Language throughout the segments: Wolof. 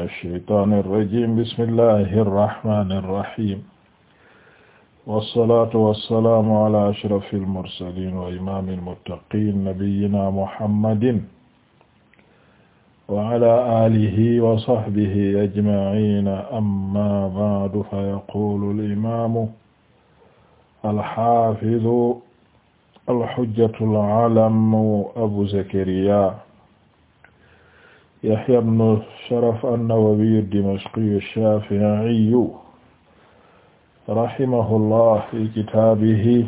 min ash-shaytaani ar-rajiim bismillaahi ar-rahmaani ar-rahiim wassalaatu wassalaamu alaa ashrafi al-mursaliin wa imaami al-muttaqiin nabiyyinaa muhammadin wa alaa aalihi wa sahbihi ajma'iin ammaa ba'du fa yaquulu al-imaamu al-haafidu al-hujjatu al-'alamu abu zakariyaa يحيى بن شرف النووي الدمشقي الشافعي رحمه الله في كتابه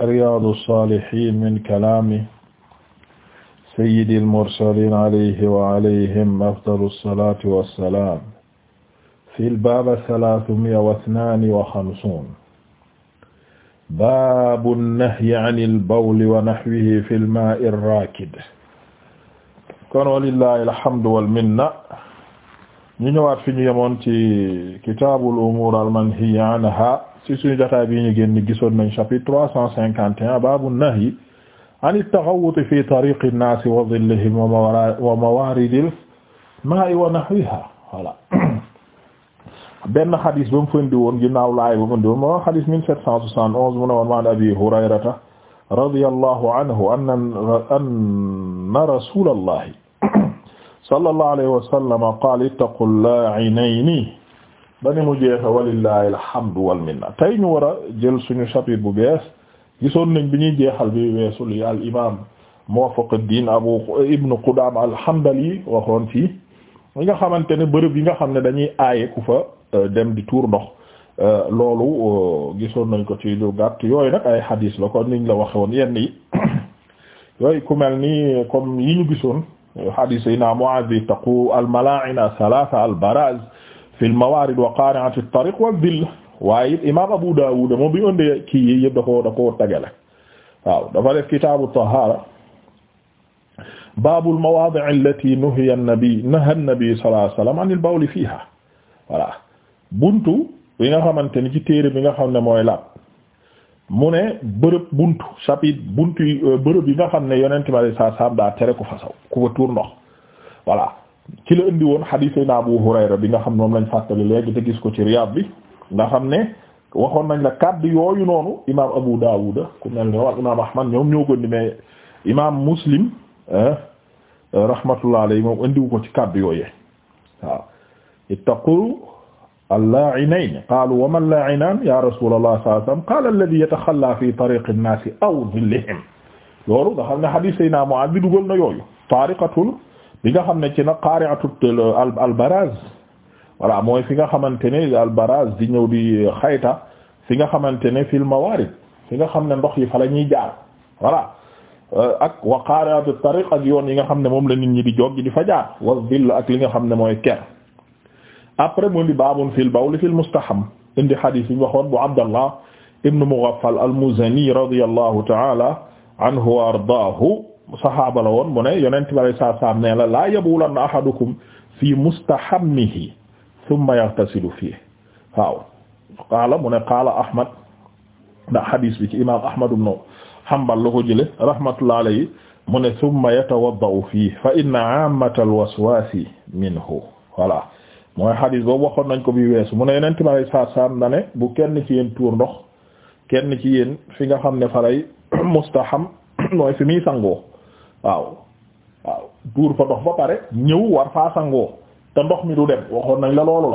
رياض الصالحين من كلام سيد المرسلين عليه وعليهم أفضل الصلاة والسلام في الباب الثلاثمائة واثنان وخمسون باب النهي عن البول ونحوه في الماء الراكد kon walillahi alhamdu wal minna ñu ñëwaat fi ñu yemoon ci kitaabul umuur al manhiya anha ci suñu jotaay bi ñu génn gisoon nañ chapitre trois cent cinquante et un baabu nahyi an at-taghawwuti fi tariqi an-naasi wa dhillihim wa mawaaridil maa'i wa nahwiha voilà benn xadis ba mu fëndi woon ginnaaw laay ba mu fëndi woon moo xadis mille sept cent soixante onze mu ne woon maan abi hurayrata radiyallahu anhu anna rasulallahi sallallahu alayhi wa sallam qaala ittaqu laainayni ba ni mu jeexe walillahi alhamdu wal minna tey ñu war a jël suñu chapitre bu bees gisoon nañ bi ñuy jeexal bi weesul yi al imaam Muwaffaqud-Diin Abu Ibn Qudaama al-Hanbali waxoon fii yi nga xamante ne bërëb yi nga xam ne dañuy aaye ku fa euh, dem di tuur ndox. Euh, loolu euh, gisoon nañ ko ci lu gàtt yooyu nag ay hadis la kon niñ la waxe woon yenn yi yooyu ku mel ni comme yi ñu gisoon hadis yi naa Mu'adh taqu al-mala'ina thalatha al-baraz fi al-mawarid wa qari'ati at-tariq wa dhill waaye it imam Abu Dawud moom bi ñu ëndee kii yi yëpp da koo da koo tegale waaw dafa def kitaabu tahara baabul mawaadi' allati nuhiya an-nabi naha an-nabi sallallahu alayhi wa sallam an al-bawl fiha voilà buntu bi nga xamante ni ci téere bi nga xam ne mooy laab mu ne bërëb buntu chapitre buntu euh, bërëb yi nga xam ne yonent bi saa saam daa tere ku fasaw ku fa tuur ndox voilà ci la indi woon xadiis na Abu Hurayra bi nga xam moom lañ fàttali léegi te gis ko ci Riyad bi nga xam ne waxoon nañ la kàddu yooyu noonu imaam Abu Dawud ku mel ni wal imaam Ahmad ñoom ñoo gën di mais imaam Muslim rahmatullah alayhi moom indiwu ko ci kàddu yooyee waaw al-laa'inayn qaaluu wa man laa'inan yaa rasuulallaah sallallaahu alayhi wa sallam qaala alladhii yatakhallaa fii tariiqi n-naasi aw dhillihim loolu nga xam ne hadiis Seydina Mu'aaz bi dugal na yooyu taariqatul bi nga xam ne ci na qaari'atul al-baraaz voilà mooy fi nga xamante ne al-baraaz di ñëw di xayta fi nga xamante ne fil mawaarid fi nga xam ne ndox yi fa la ñuy jaar voilà ak wa qaari'atut tariiq ak yoon yi nga xam ne moom la nit ñi di joggi di fa jaar wa dhill ak li nga xam ne mooy ker après mu indi baabun fil bawl fil mustaham indi hadith bi ñu waxoon bu Abdallah ibn Mughaffal al-Muzani radiyallahu ta'ala anhu wa ardaahu saxaaba la woon mu ne yonent bi alayhi salaatu salaam ne la laa yabulanna ahadukum fii mustahammihi thumma yaghtasilu fiihi waaw qaala mu ne qaala Ahmad ndax hadith bi ci imaam Ahmad ibn Hanbal la ko jëlee rahmatullahi alayhi mu ne thumma yatawadda'u fiihi fa inna 'aammatal waswaasi minhu voilà. mooy xadis boobu waxoon nañ ko bi weesu mu ne yeneen ma lay saa saam na ne bu kenn ci yéen tuur ndox kenn ci yéen fi nga xam ne fa lay xam mooy fi muy sangoo waaw waaw tuur ndox ba pare ñëw war faa sangoo ndox mi du dem waxoon nañ la loolu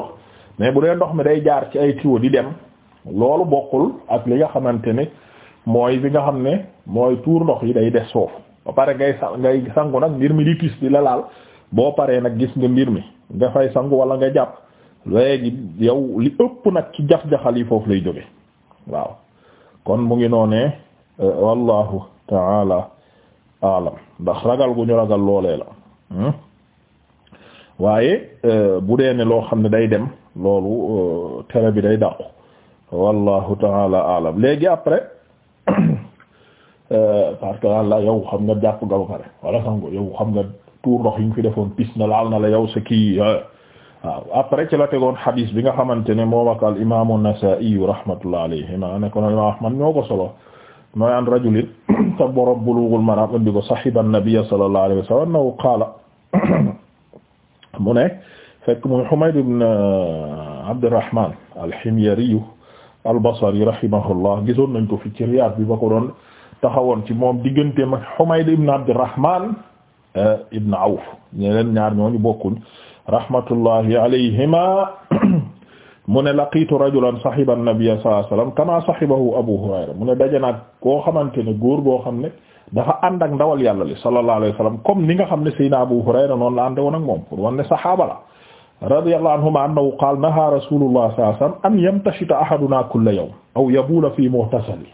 mais bu dee ndox mi day jaar ci ay tuyau di dem loolu bokkul ak li nga xamante ne mooy bi nga xam ne mooy tuur ndox yi day des soofu ba pare ngay sa ngay sangu nag mbir mi di tis di la laal boo paree nag gis nga mbir mi. nga fay sangu wala nga jàpp léegi yow li ëpp nag ci jax-jaxal yi foofu lay jóge waaw kon mu ngi noonee euh, wallahu taala alam ndax ragal gu ñu ragal loolee la hmm? waaye euh, bu dee ne loo xam ne day dem loolu euh, tere bi day dàqu wallahu taala alam léegi après parce que walla yow xam nga jàpp nga ba pare wala sangu yow xam nga tuur ndox yi nga fi defoon pis na laal na la yow sa kii waaw ci la tegoon xadiis bi nga xamante ne moom ak al imaamu Nasaa'i rahmatullah alayhima ne ko imaam Ahmad ñoo ko solo mooy an rajulin te borom Bulughul Maram indi ko sahiba an-nabiyya sallallahu alayhi wa sallam annahu qaala mu ne fekk muy Humayd ibn uh, Abdurrahman al-Himyari al-Basri rahimahullah gisoon nañ ko fi ci Riyaad bi ba ko doon taxawoon ci moom Eh, ibn Awf ñeneen ñaar ñooñu bokkuñ rahmatullahi alayhima mu ne laqiitu rajulan sahiba an-nabiyya sallallahu alayhi wasallam kama sahibahu Abu Hurayra mu ne dajanaat koo xamante ne góor goo xam ne dafa ànd ak ndawal yàlla li sallallahu alayhi wasallam comme ni nga xam ne Seydina Abu Hurayra noonu la ànd woon ak moom pour wan ne sahaaba la radiyallahu anhuma annahu qaala naha rasulullah sallallahu alayhi wasallam an yamtashita ahaduna kulla yawm aw yabula fi mughtasali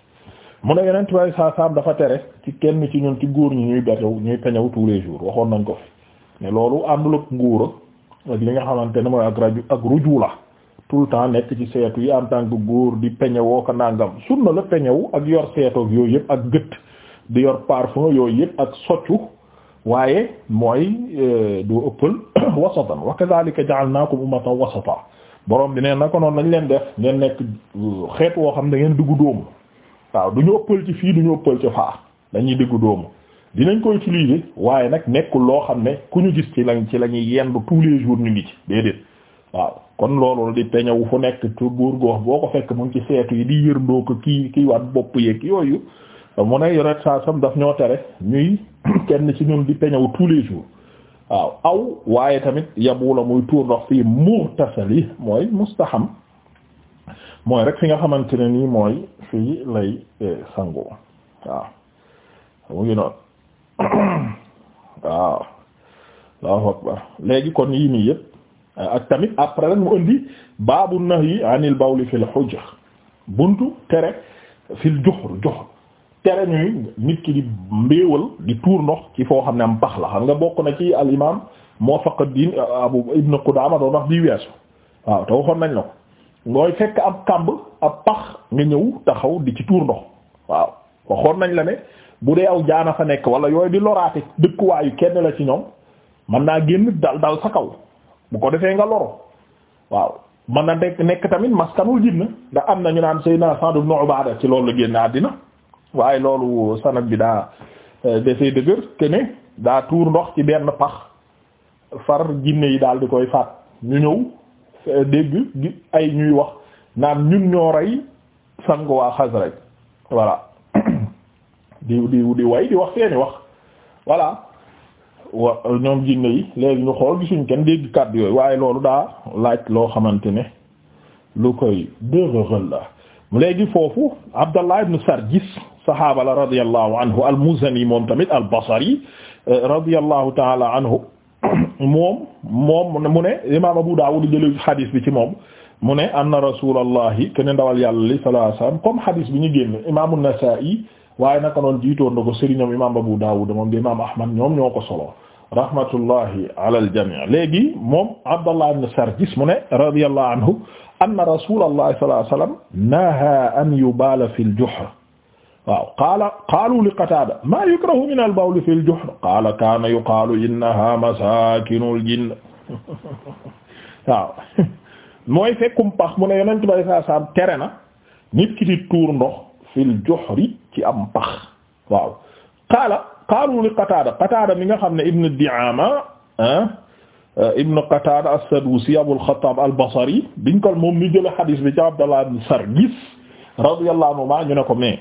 mu ne yeneen tubaab saa saam dafa tere ci kenn ci ñun ci góor ñi ñuy betew ñuy peñaw tous les jours waxoon nañ ko fi mais loolu àndul ak nguur ak li nga xamante ne mooy ak raju ak ruju la tout le temps nekk ci seetu yi en tant góor di peñewoo ko nangam sunna la peñewu ak yor seetoog yooyu yëpp ak gët di yor parfum yooyu yëpp ak soccu waaye mooy euh, du ëppal wasatan wa kadhalika ja'alnakum ummatan wasata borom bi neen na ko noonu lañ leen def ngeen nekk euh, xeet woo xam ne ngeen duggu dóomu waaw du ñu ëppal ci fii du ñu ëppal ci faa dañuy déggu doomu dinañ ko utiliser waaye nag nekkul loo xam ne ku ñu gis ci lañ ci la ñuy yendu tous les jours ñu ngi ci déedéet waaw kon loolu di peñawu fu nekk ci buur gox boo ko fekk mu ngi ci seetu yi di yërndoo ko kii kii waat bopp yeeg yooyu mu ne yoret saa sam daf ñoo tere ñuy kenn ci ñun di peñawu tous les jours waaw aw waaye tamit yabu la muy tuur ndox fii murtasali mooy mustaham mooy rek fi nga xamante ne nii mooy fii lay eh, sangoo waaw mu ngi noonu léegi kon yii nii yëpp eh, ak tamit après rek mu indi baabu nahyi anil bawli fil hujr buntu tere fil juxur juxur tere ñuy nit ki di mbéewal di tuur ndox ci foo xam ne am pax la xam nga bokk na ci al imam Muwaffaqud-Din Abu Ibn Qudama doon wax di weesu waaw te waxoon nañ la ko mooy fekk am kàmb ab pax nga ñëw taxaw di ci tuur ndox waaw waxoon nañ la ne bu dee aw jaana fa nekk wala yooyu di loraate dëkkuwaayu kenn la ci ñoom mën naa génn dal dal sa kaw bu ko defee nga loro waaw mën na nekk tamit maskanul jinna ndax am na ñu naan Seydina Sa'd ibn Ubaada ci loolu la génn àddina waaye loolu sanad bi daa euh, dafay dëgër te daa tuur ndox ci benn pax far jinne yi daal di koy faat ñu ñëw. Euh, dégg gi ay ñuy wax naan ñun ñoo rey sang waa Xasraj voilà di di di way di wax seeni wax voilà wa ñoom jinne yi léegi ñu xool gisuñ kenn dégg kàddu yooyu waaye loolu daa laaj loo xamante ne lu koy dërëral la léegi foofu Abdallah ibn Sarjis sahaaba la radiyallahu anhu al-Muzani moom tamit al-Basri euh, radiyallahu anhu moom moom mu ne imaam Abu Dawud jële xadiis bi ci moom mu ne anna rasulallahi kenn ndawal yàlla li sallallahu alayhi comme xadiis bi ñu génn imaamu Nasaa'i waaye naka noon jiitoon na ko sëriñam imaam Abu Dawud moom di imaam Ahmad ñoom ñoo ko solo rahmatullahi ala al-jamii léegi moom Abdallah ibn Sarjis mu ne radiyallahu anhu anna rasulallahi sallallahu alayhi wasallam naha an yubala fil juhr waaw qaala qaalu li qataada maa yukrahu min al bawl fi al juhr qaala kaana yuqaalu innaha masaakinul jinn waaw mooy fekkum pax mu ne yonent bi saa saam tere na nit ki di tuur ndox fil juhri ci am pax waaw qaala qaalu li qataada qataada mi nga xam ne ibnu di'aama ah, ah, ibnu qataada as-saduusi abul xattaab al-basri biñ ko moom mi jël xadiis bi ci abdallah ibn sargis radiyallahu anhu ñu ne ko mais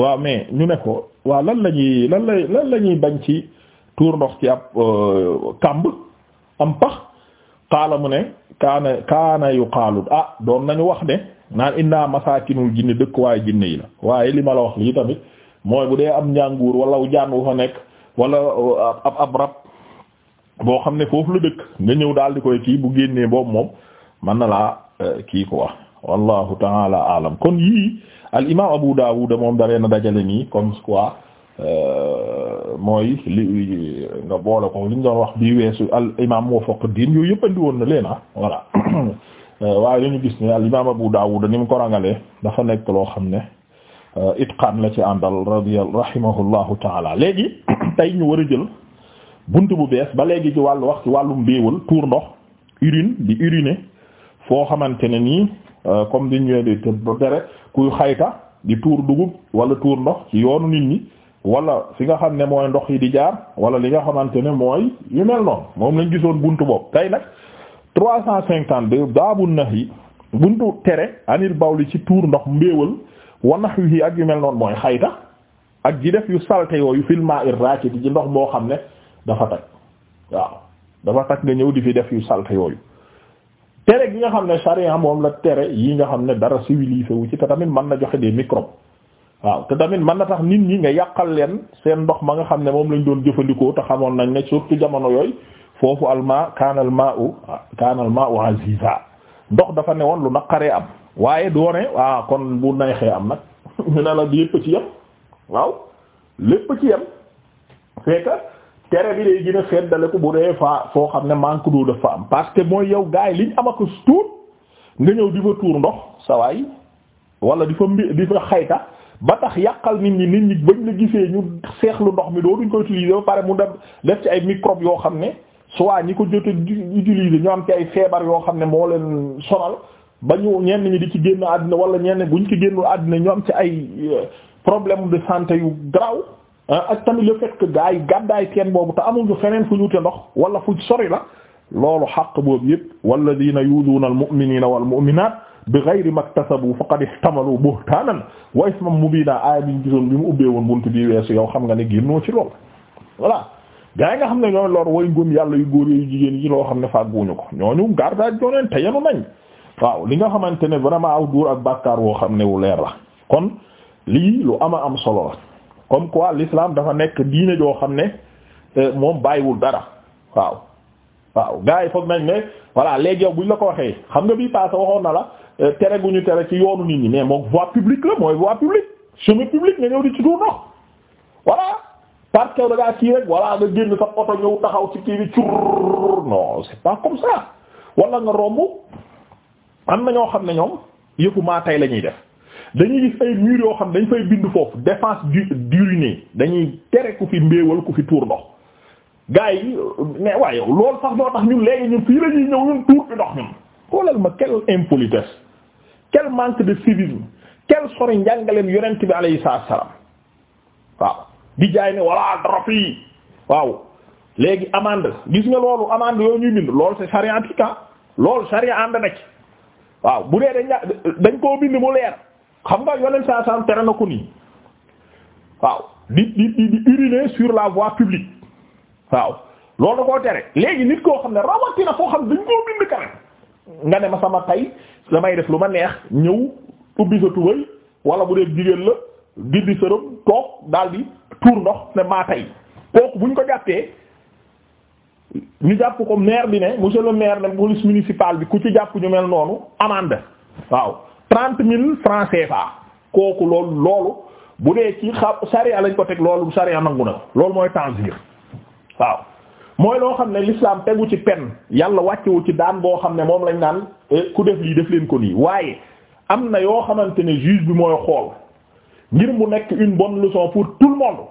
waaw mais ñu ne ko waa lan la ñuy lan la lan la ñuy bañ ci tuur ndox ci ab euh, kàmb am pax xaala mu ne kaana kaana yu xaalut a ah, doon nañu wax ne naan inna masaakinul jinne dëkk waaye jinne yi la waaye li ma la wax lii tamit mooy bu dee am njànguur wala wu jaan wu fa nekk wala euh, ab ab rab boo xam ne foofu la dëkk nga ñëw daal di koy kii bu génnee boobu moom man na laa euh, kii ko wax wallahu taala alam kon yii al imam Abu Dawud moom da na a dajale nii comme quoi euh, mooy li nga boole ko li ñu doon wax bi weesu al imam Mufaqidiin yooyu yëpp andi woon na leena ah voilà euh, waaye li gis ne al imam Abu Dawud ni mu ko rangalee dafa nekk loo xam ne it euh, itqaan la ci àndal radiya rahimahullahu taala léegi tey ñu war a jël bunt bu bees ba léegi ci wàllu wax ci wàllum béewal tuur ndox urine di uriner foo xamante ne nii Euh, comme diñ ñëwee di tere kuy xayta di tuur dugub wala tuur ndox ci yoonu nit ñi wala fi nga xam ne mooy ndox yi di jaar wala li nga xamante ne mooy yu mel noonu moom lañ gisoon buntu boobu tey nag trois cent cinquante deux baabu nax yi buntu tere anil bawli ci tuur ndox mbéewal wa nahwihi ak yu mel noonu mooy xayta ak di def yu salte yooyu fil ma'ir raakit ci ndox moo xam ne dafa tag waaw dafa tag nga ñëw di fi def yu salte yooyu tere gi nga xam ne charia moom la tere yi nga xam ne dara civilisé wu ci te tamit mën na joxe des microbes waaw te tamit man na tax nit ñi nga yàqal leen seen ndox ma nga xam ne moom lañ doon jëfandikoo te xamoon nañ ne surtout jamono yooyu foofu alma kaanal ma'u kaanal ma'u aziza ndox dafa ne woon lu naqaree am waaye doone ah kon bu neexee am nag ñu ne la lépp ci yem waaw lépp ci yem fekk tere bi day gën a feddale ko bu dee faa foo xam ne manque d'eau dafa am parce que mooy yow gars yi liñ am ak tuut nga ñëw di fa tuur ndox sawaay wala di fa mbi di fa xayta ba tax yàqal nit ñi nit ñi bañ la gisee ñu seexlu ndox mi doo duñ ko utiliser ba pare mu dem def ci ay microbe yoo xam ne soit ñi ko jot utiliser ñu am ci ay feebar yoo xam ne moo leen sonal ba ñu ñenn ñi di ci génn àddina wala ñenn buñ ci génnul àddina ñu am ci ay euh, problème de santé yu graw Euh, ak tamit le fait que gaa yi gàddaay teen boobu te amul ñu feneen fu ñu wute ndox wala fu sori la loolu xaq boobu yëpp walladina yuduuna almuminina walmuminat bighayri maktasabu faqad ihtamalu buhtaanan wa isman mubiina aaya biñ gisoon bi mu ubbee woon buntu bi weesu yow xam nga ne génnoo ci lool voilà gaa yi nga xam ne ñooy lor way ngum yàlla yu góor yu jigéen yi loo xam ne fàgguñu ko ñooñu gardaaj jooneen te yenu nañ waaw li nga xamante ne vraiment aw ak bàkkaar woo xam ne wu leer la kon lii lu ama am solo comme quoi l'islam dafa nekk diine joo xam ne euh, moom bàyyiwul dara waaw waaw gars yi foog nañ ne voilà léegi yow buñ la ko waxee xam nga bii passé waxoon na la euh, tere gu ñu tere ci yoonu nit ñi mais moom voie publique la mooy voie publique chemin public nga ñëw di ci tuur ndox voilà parce que da nga génn sa oto ñëw taxaw ci kii bi cur non c'est pas comme ça wala nga romb am na ñoo xam ne ñoom yëfu maa tey la ñuy def. dañuy gis ay mur yoo xam dañu fay bind foofu défense du d'uriner dañuy tere ku fi mbéewal ku fi tuur ndox gars yi mais waaye yow loolu sax doo tax ñun léegi ñun fii la ñuy ñëw ñun tuur bi ndox ñun xoolal ma quelle impolitesse quel manque de civisme quel sori njàngaleem yonent bi alayhi salaam waaw di jaay ne walla dara fii waaw léegi amande gis nga loolu amande yooyu ñuy bind loolu c'est chariatique ah, loolu charia ànd na ci waaw bu dee dañ dañ koo bind mu leer. xam nga yoneen saa saa tere na ko nii waaw di di di di uriner sur la voie publique waaw koo tere léegi nit koo xam ne rawatina foo xam dañ koo bind kanam nga ne sama tay damay def lu ma neex ñëw ubbi sa tubay wala bu dee jigéen la giddi sërëm toog daal di tuur ndox ne maa tay kooku buñ ko jàppee ñu jàpp ko maire bi ne monsieur le maire ne police municipale bi ku ci jàpp ñu mel noonu amende waaw trente mille francs CFA kooku loolu loolu bu dee ci xa sariya lañ ko teg loolu sariya nangu na loolu mooy tanzir waaw mooy loo xam ne l'islam tegu ci pen yàlla wàccewu ci daan boo xam ne moom lañ naan eh, ku def lii def leen ko nii waaye am na yoo xamante ne juge bi mooy xool ngir mu nekk une bonne leçon pour tout le monde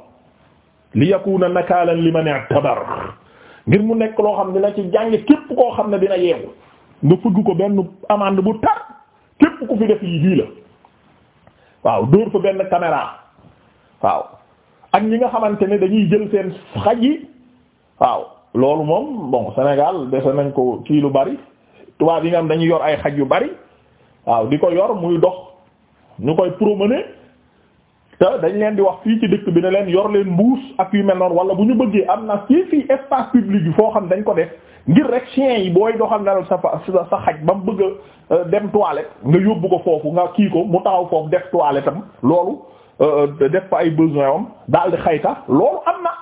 li na yakuna nakalan liman i'tabar ngir mu nekk loo xam ne dina ci jàng képp koo xam ne dina yeewu nga fëgg ko benn amande bu képp ku fi def yi lii la waaw dóor fa benn caméra waaw ak ñi nga xamante ne dañuy jël seen xaj yi waaw loolu moom bon Sénégal dese nañ ko kii lu bari tubaab yi nga xam dañuy yor ay xaj yu bari waaw di ko yor muy dox ñu koy promener te dañ leen di wax fii ci dëkk bi ne leen yor leen mbuus ak yu mel noonu wala bu ñu bëggee am na fii fii espace public bi foo xam ne dañ ko def ngir rek chien yi booy doxal nalal sa sa xaj ba mu bëgg a euh, dem toilette nga yóbbu ko foofu nga kii ko mu taxaw foofu def toilette am loolu euh, def fa ay besoin am daal di xayta loolu am na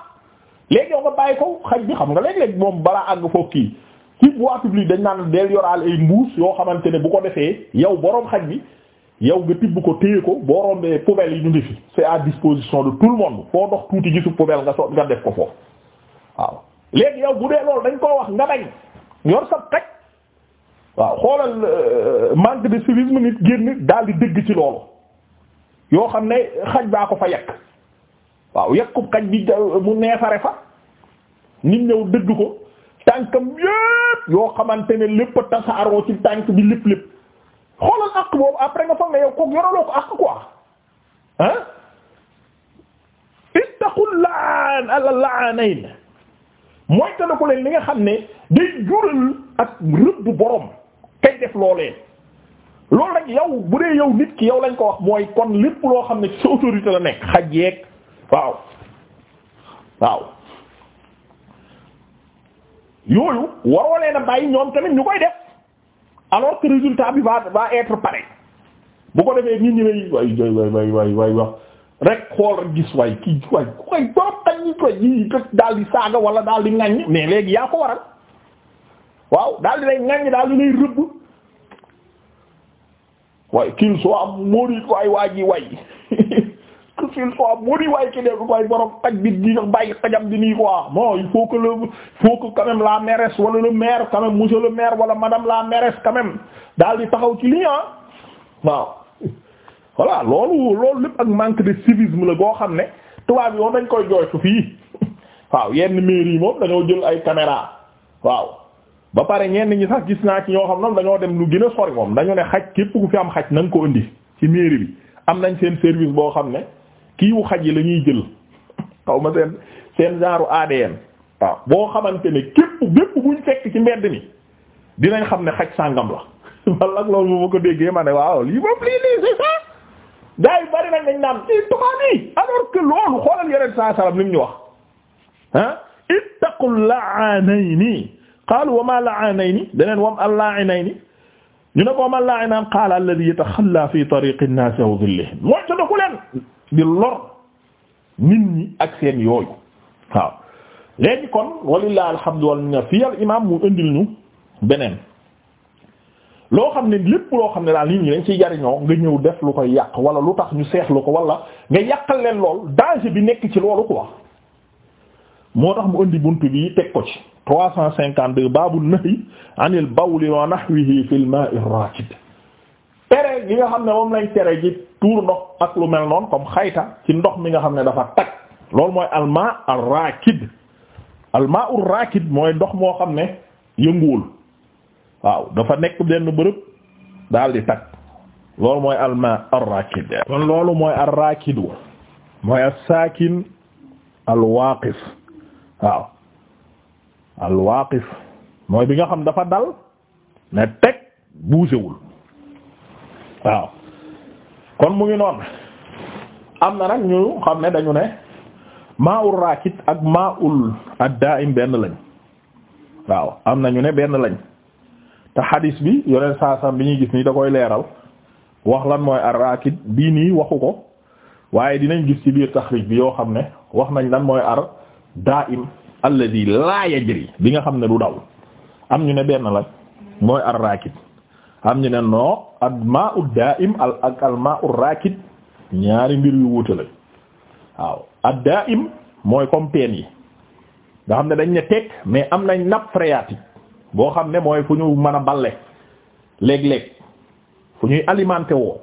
léegi yow nga bàyyi ko xaj bi xam nga léeg-léeg moom balaa àgg foofu kii ci voie publique dañ naan del yoraal ay mbuus yoo xamante ne bu ko defee yow boroom xaj bi yow nga tibb ko téye ko boo rombee poubelle yi ñu ngi fi c'est à disposition de tout le monde foo dox tuuti gisu poubelle nga so nga def ko foofu waaw léegi yow bu dee loolu dañ koo wax nga bañ yor sa teg waaw xoolal euh, manque de civisme nit génn daal di dëgg ci loolu yoo xam ne xaj baa ko fa yekk waaw yekkub xaj bi mu neefare fa nit ñëw dëgg ko tànkam yépp yoo xamante ne lépp a tasaaroo ci tànk bi lépp lépp xoolal àq boobu après nga foog ne yow kooku yoraloo ko àq quoi ah ittaqul laan ala laanayn mooy te ko leen li nga xam ne day jural ak rëbb borom kay def loolee loolu nag yow bu dee yow nit ki yow lañ ko wax mooy kon lépp loo xam ne ci sa la nekk xaj yeeg waaw waaw yooyu waroo leen a bàyyi ñoom tamit ñu koy def alors que résultat bi va va être pareil bu ko defee nit ñi way way way way way way rek xool rek gis way kii way way borom xañ ñi koy yi rek daal di saaga wala daal di ŋàññ mais léegi yaa ko waral waaw daal di lay ŋàññ daal di lay rëbb waaye qu'il soit maudit waay waa ji way fil quoi mu ni waay ki nekk koy borom paj bi di jox bàyyi xajam di nii quoi bon il faut que le il faut que la mairesse wala le maire quand même monsieur le maire wala madame la mairesse quand même daal di taxaw ci lii ah waaw. voilà loolu loolu lépp ak manque de civisme la boo xam ne tubaab yoon dañ koy jooytu fii waaw yenn mairie yi moom dañoo jël ay caméra waaw ba pare ñenn ñi sax gis naa ci ñoo xam ne dañoo dem lu gën a sori moom dañu ne xaj képp ku fi am xaj na ko indi ci mairie bi am nañ seen service boo xam ne kiiwu xaj yi la ñuy jël xaw ma seen seen genre ADN waaw boo xamante ne képp bépp buñ fekk ci mbedd mi dinañ xam ne xaj sàngam la man nag loolu moo ko déggee ma ne waaw lii moom lii lii c'est ça gars yi bari nañ dañ naan i tubaab yi alors saa salam ni ñu wax ah ittaqul la'anayni qaalu wa ma la'anayni daneen wam al-la'inayni ñu ne ko wama al-la'inayni qaala alladhi yatakhalla fi tariqi an-nas wa dhillihim di lor nit ñi ak seen yooyu waaw léegi kon walilah alhamdu walmina fii al imam mu indil ñu beneen loo xam ne lépp loo xam ne daal nit ñi dañ ciy jariñoo nga ñëw def lu koy yàq wala lu tax ñu seexlu ko walla nga yàqal leen lool danger bi nekk ci loolu ko wax moo tax mu indi bunt bi teg ko ci 352 baabu nahyi anil bawli wa nahwihi fil ma'i rakid tere gi nga xam ne moom lañ tere ji tuur ndox ak lu mel noonu comme xayta ci ndox mi nga xam ne dafa tag loolu mooy almaa ar almaa ar mooy ndox moo xam ne yënguwul waaw dafa nekk benn bërëb daal di tag lool mooy almaa ar-raakid kon loolu mooy ar-raakidu mooy waaw al mooy bi nga xam dafa dal ne teg buusewul waaw kon mu ngi noonu am na nag ñu xam ne dañu ne maa'ul raakit ak maa'ul ad-daa'im benn lañ waaw am na ñu ne benn lañ te hadis bi yoneen saasam bi ñuy gis nii da koy leeral wax lan mooy ar-raakit bii nii waxu ko waaye dinañ gis ci biir taxrij bi yoo xam ne wax nañ lan mooy ar daa'im alladhi laa yajri bi nga xam ne du daw am ñu ne benn lañ mooy ar-raakit am ñu ne noo ak maa ut daa im al maa ut raakit ñaari mbir yu wuute lañ waaw ad daa im mooy comme teen yi nga xam ne dañ ne teg mais am nañ nappe phréatique boo xam ne mooy fu ñu mën a balle léeg-léeg fu ñuy alimenté woo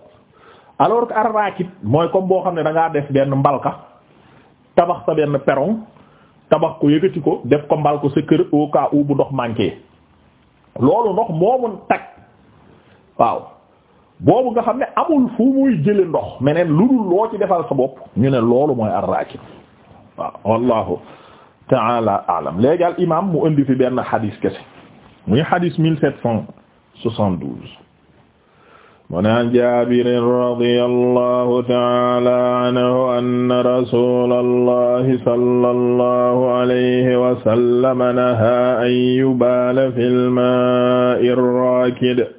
alors que ar raakit mooy comme boo xam ne dangaa def benn mbalka tabax sa benn perron tabax ko yëkkati ko def ko mbal ko sa kër au cas où ndox manqué loolu ndox moomu tag waaw boobu nga xam ne amul fu muy jële ndox meneen lu dul loo ci defal sa bopp ñu ne loolu mooy arraakib waaw wallahu taala alam léegi al imam mu indi fi benn xadis kese muy xadis mille sept cent soixante-douze mu ne an jabirin radi allahu taala anhu anna rasula allahi sala allahu alayhi wasallama naha an yubala fi lmai rakid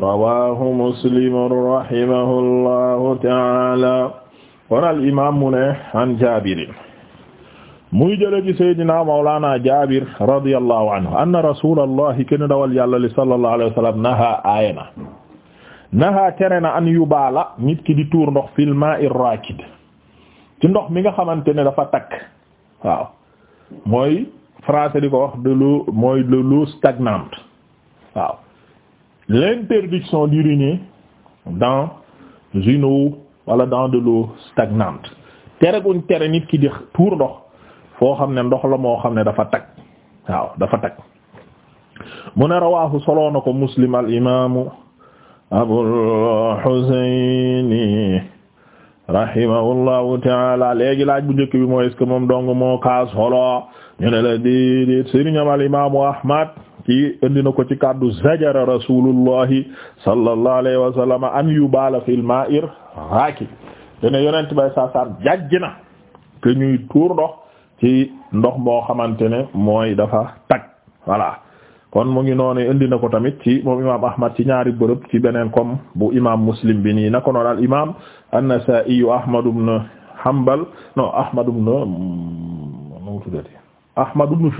rawahu muslimun rahimahullahu taala kon al imam mu ne an jabirin muy jële ci sayyidina mawlana jabir radiyallahu anhu anna rasulallahi kenn dawal yàlla li sallallahu alayhi wa sallam naha aayana naha tere na an yubaala nit ki di tuur ndox fil ma'i rakid ci ndox mi nga xamante ne dafa takk waaw mooy français di ko wax de l'eau mooy de l'eau stagnante waaw l'interdiction d'uriner dans une eau wala dans de l'eau stagnante tere guñ tere nit ki di tuur ndox foo xam ne ndox la moo xam ne dafa tag waaw dafa tag mu ne rawaahu soloo na ko muslim al imaamu abul husayni rahimahullahu taala léegi laaj bu njëkk bi mooy est-ce que dong moo kaas solo ñu ne la di di al imaamu ahmad ci indi na ko ci kàddu zajara rasulullahi sallallahu alayhi wa sallam an yubala fil ma'ir raakib dene yonent bay saa saan jàjj na que tuur ndox ci ndox moo xamante ne mooy dafa tag voilà kon mu ngi noonu indi na ko tamit ci mo imam ahmad ci ñaari bërëb ci beneen comme bu imam muslim bi nii na ko noonu al imam an-nasa'i ahmad ibn hanbal no ahmad ibn nu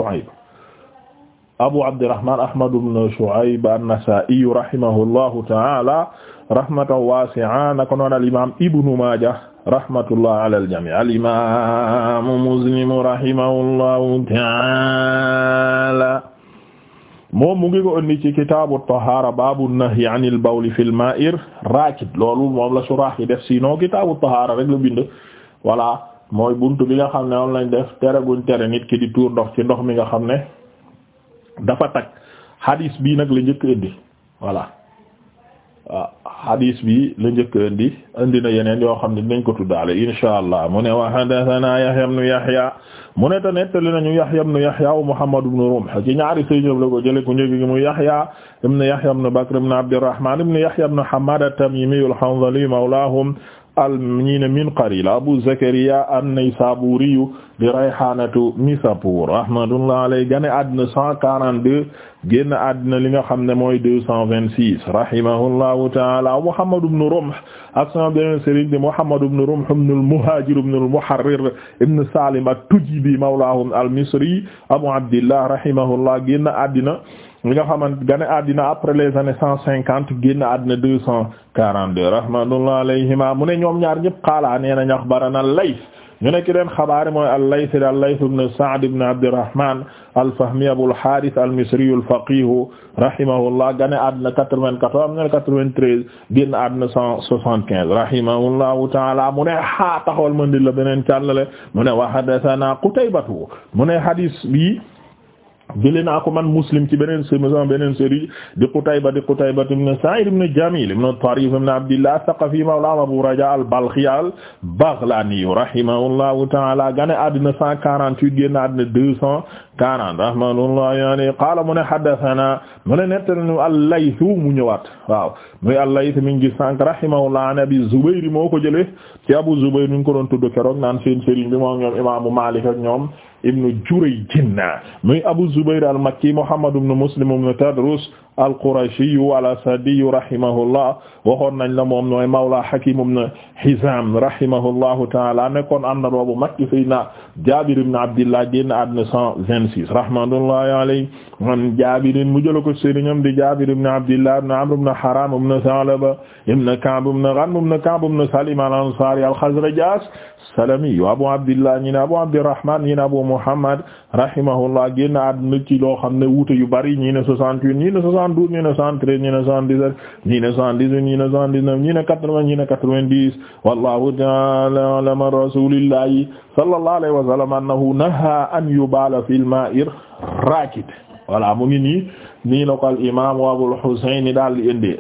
abu abdirahman ahmad ibn shu'ayb an ta'ala rahmatan wasi'a naka noon al-imam ibnu majah rahmatullah ala al-jami' al-imam muslim rahimahullahu ta'ala moom mu ngi ko indi ci kitaabu tahaara baabu nahyi anil bawli fil maa'ir raakid loolu moom la suraax yi def sinon kitaabu tahaara rek la bind voilà mooy buntu bi nga xam ne moom lañ def tere guñ tere ki di tuur ndox ci ndox mi nga xam ne dafa tag hadis bi nag la njëkk indi voilà waaw ah, bi li njëkk indi indi na yeneen yoo xam ne dinañ ko tuddaale insha allah mu ne wa hadathana yahya ibn yahya mu ne ta nettali nañu ñu ibn yahya wa muhammad ibn rumh ci ñaari sëyñëb la ko jële ku njëkk gi mu yahya ibn yahya ibn bakr ibn al ñii ne min qaril Abu Zakariya an-Naysaburi di rayhanatu Misapur rahmatullah alayhi gane àddina 142 génn àddina li nga xam ne mooy 226 rahimahullahu ta'ala Muhammad ibn Rumh ak sama beneen sëriñ di Muhammad ibn Rumh ibn al-Muhajir ibn al-Muharrir ibn Salim at-Tujibi mawlahum al-Misri Abu Abdillah rahimahullah génn àddina mi nga xamante gane àddina après les années cent cinquante génn àddina deux cent quarante deux rahmatullah alayhima mu ne ñoom ñaar ñëpp xaalaa nee nañ axbarana Layth ñu nekk leen xabaar mooy al-Layth al-Layth ibn Sa'd ibn Abdirrahman al-Fahmi Abul Harith al-Misri al-faqih rahimahullah gane àddina quatre-vingt-quatorze am na quatre-vingt-treize génn àddina cent soixante-quinze rahimahullahu ta'ala mu ne xaa taxawal mën di la beneen càllale mu ne wa haddathana Qutaybatu mu ne hadis bi jëlee naa ko man muslim ci beneen semaison beneen série di Qutayba di Qutayba ibn Sa'id ibn Jamil ibn Tarif ibn Abdillah Thaqafi mawla Abu Raja al-Balkhi al-Baghlani rahimahullahu ta'ala gane àddina 148 génn àddina 200 kaanaan rahmatullahi alayhi qaala mu ne haddathana mu ne nettanu al mu ñëwaat waaw mu al-Layth mi ngi gis sànq rahimahullah an Abi Zubayr moo ko jëlee ci Abu Zubayr mi ngi ko doon tudd keroog naan seen sëriñ bi moom ñoom imaamu Maalik abu ñoom ibnu Jurayj muy Abu Zubayr al-Makki Muhammad ibn Muslim ibn Tadrus al-Qurashiyu al-Asadiyu rahimahullah waxoon nañ la moom mooy mawla Hakim ibn Hizam rahimahullahu ta'ala nekkoon àndandoo bu mag sayyidina Jaabir ibn Abdillah génn àddina 126 rahmatullahi alayhi man Jaabir mu jël ko sëriñam di Jaabir ibn Abdillah ibn Amr ibn Haram ibn Tha'laba ibn Ka'b ibn Ghanm ibn Ka'b ibn Salim al-Ansari al-Khazraj Salami Abu Abdillah ñi ne Abu Abdirrahman ñi ne Abu Muhammad rahimahullah génn àddina ci loo xam ne wuute yu bari ñi ne 68 912 ñi ne 113 ñi ne 117 ñi ne 118 ñi ne 119 ñi ne 80 ñi ne 90 wallahu ta'ala a'lam rasulillahi sallallahu alayhi wa sallam annahu naha an yubala fil ma'i rakid voilà mu ngi nii nii la ko al imam Abul Husayn daal di indi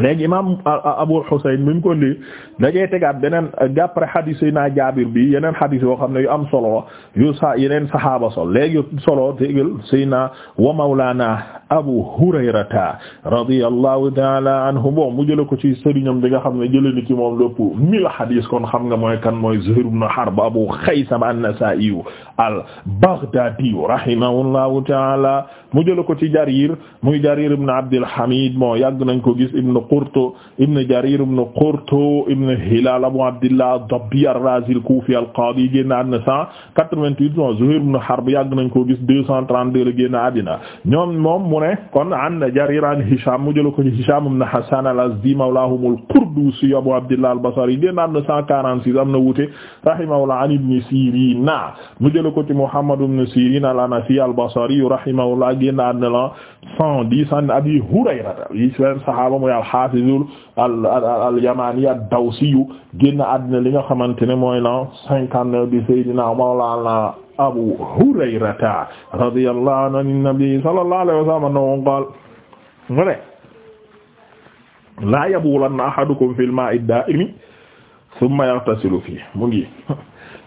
léegi imaam Abu Husayn bi mu ko lii dajee tegaat beneen d'après hadith yi naa Jaabir bi yeneen hadith yoo xam ne yu am solo yu sa yeneen saxaaba sol léegi solo tegal sayna wa mawlaana Abu Hurayrata radiyallahu ta'ala anhu bo mu jëlee ko ci sëriñam bi nga xam ne jëlee ni ci moom lépp mil hadith kon xam nga mooy kan mooy Zuhayr ibn Harb Abu Khaysam an-Nasaa'i al-Baghdaadi rahimahullahu ta'ala mu jëla ko ci jarir muy jarir ibn abdil hamid moo yàgg nañ ko gis ibn qurto ibn jarir ibn qurto ibn hilal abu abdillah dabbi ar-razi al-kufi al-qadi génn àddina cent quatre-vingt-huit harb yàgg nañ ko gis deux cent trente-deux la génn àddina ñoom moom mu ne kon an jarir an hisham mu jëla ko ci hisham ibn hasan al-azdi mawlahum al-qurdusi abu abdillah al-basri génn àddina cent quarante-six am na wuute rahimahullah an ibn sirin mu jëla ko ci muhammad ibn sirin al-anasi al-basri rahimahullah génn àddina la cent dix an abi hurayrata yi seen sahaaba mooy alxaafizul alyamani ad-dawsi yu génn àddina li nga xamante ne mooy la cinquante neuf bi sayyidina mawlana abu hurayrata radiyallahu anhu nabi sallallahu alayhi wa sallam qaal mu ne laa yabulanna ahadukum fil maa'i daa'imi thumma yaghtasilu fiihi mu ngi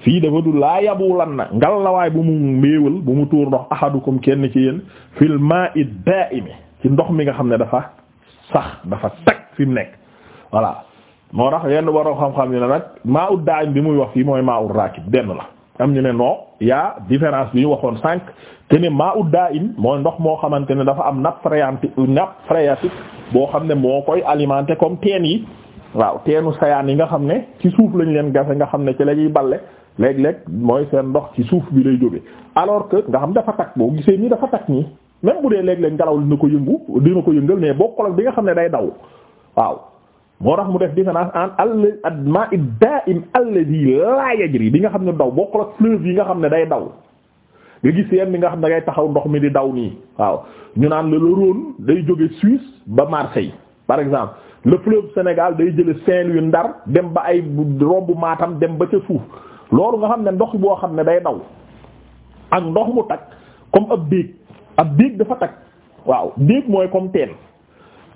fii dafa du laa lan na ngal lawaay bu mu mbéewal bu mu tuur ndox ahadukum kenn ci yéen fil ma'i da'imi ci ndox mi nga xam ne dafa sax dafa tag fi mu nekk voilà moo tax yenn waroo xam-xam yi ne nag ma da'im bi muy wax fii mooy ma'u rakib benn la am ne non yaa différence bi waxoon cinq te ne ndox moo xamante ne dafa am nappe phréatique nappe phréatique boo xam ne moo koy alimenté comme teen yi waaw teenu sayaan yi nga xam ne ci suuf lañu leen gase nga xam ne ci la ñuy balle léeg-léeg mooy seen ndox ci suuf bi lay jóge alors que nga xam dafa takk boo gisee nii dafa takk nii même bu dee léeg-léeg ngelaw dina ko yëngu dina ko yëngal mais bokkul ak bi nga xam ne day daw waaw moo tax mu def différence en all ad ma i daa bi nga xam ne daw bokkul yi nga xam ne day daw nga gis yenn bi nga xam ne ngay taxaw ndox mi di daw nii waaw ñu naan le le day jóge Suisse ba Marseille par exemple le fleuve Sénégal day jële Saint-Louis Ndar dem ba ay romb maatam dem ba ca suuf loolu nga xam ne ndox boo xam ne day daw ak ndox mu tag comme ab déeg ab déeg dafa tag waaw déeg mooy comme teen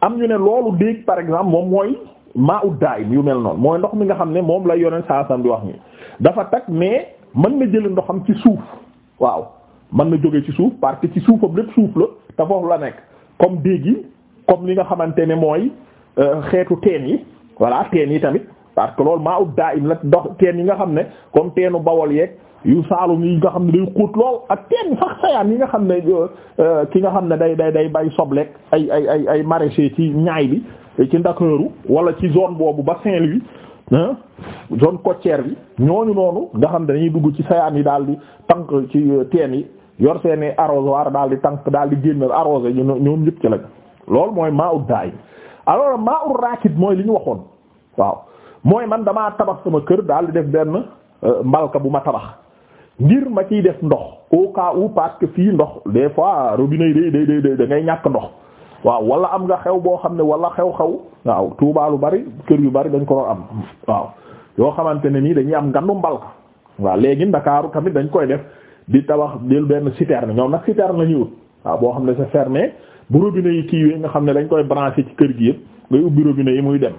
am ñu ne loolu déeg par exemple moom mooy maa ut daay yu mel noonu mooy ndox mi nga xam ne moom lay yoneen saa sam di wax nii dafa tag mais mën na jëli ndoxam ci suuf waaw mën na jóge ci suuf parce que ci suufam lépp suuf la te foofu la nekk comme déeg yi comme li nga xamante ne mooy euh, xeetu teen yi voilà teen yi tamit parce que loolu maa ut daa im la dox teen yi nga xam ne comme teenu bawol yeeg yu saalum yi nga xam ne day xóot lool ak teen sax sayaan yi nga xam ne euh, euh, ki nga xam ne day day day bay sobleeg ay ay ay ay maraîcher ci ñaay bi ci Ndakaaru wala ci zone boobu ba Saint-Louis zone côtière bi ñooñu noonu nga xam ne dañuy dugg ci sayaan yi daal di tànk ci euh, teen yi yor seeni arrosoir daal di tànk daal di génn arrosé ñoom ñëpp ci lañ loolu mooy maa ut daa alors maa ut mooy li ñu waxoon waaw mooy man damaa tabax sama kër daal di def benn euh, mbalka bu ma tabax ngir ma ciy def ndox au cas où parce fii ndox des fois robinet yi day day day da ngay ñàkk ndox waaw wala am nga xew boo xam ne wala xew-xew waaw Tuubaa lu bari kër yu bari dañ ko am waaw yoo xamante ne nii dañuy am nganu mbalka waaw léegi ndakaaru tamit dañ koy def di tabax del benn citerne ñoom nag citerne la ñuy ut waaw boo xam ne c'est fermé bu robinet yi kiiwee nga xam ne dañ koy branché ci kër gi yëpp ngay yi muy dem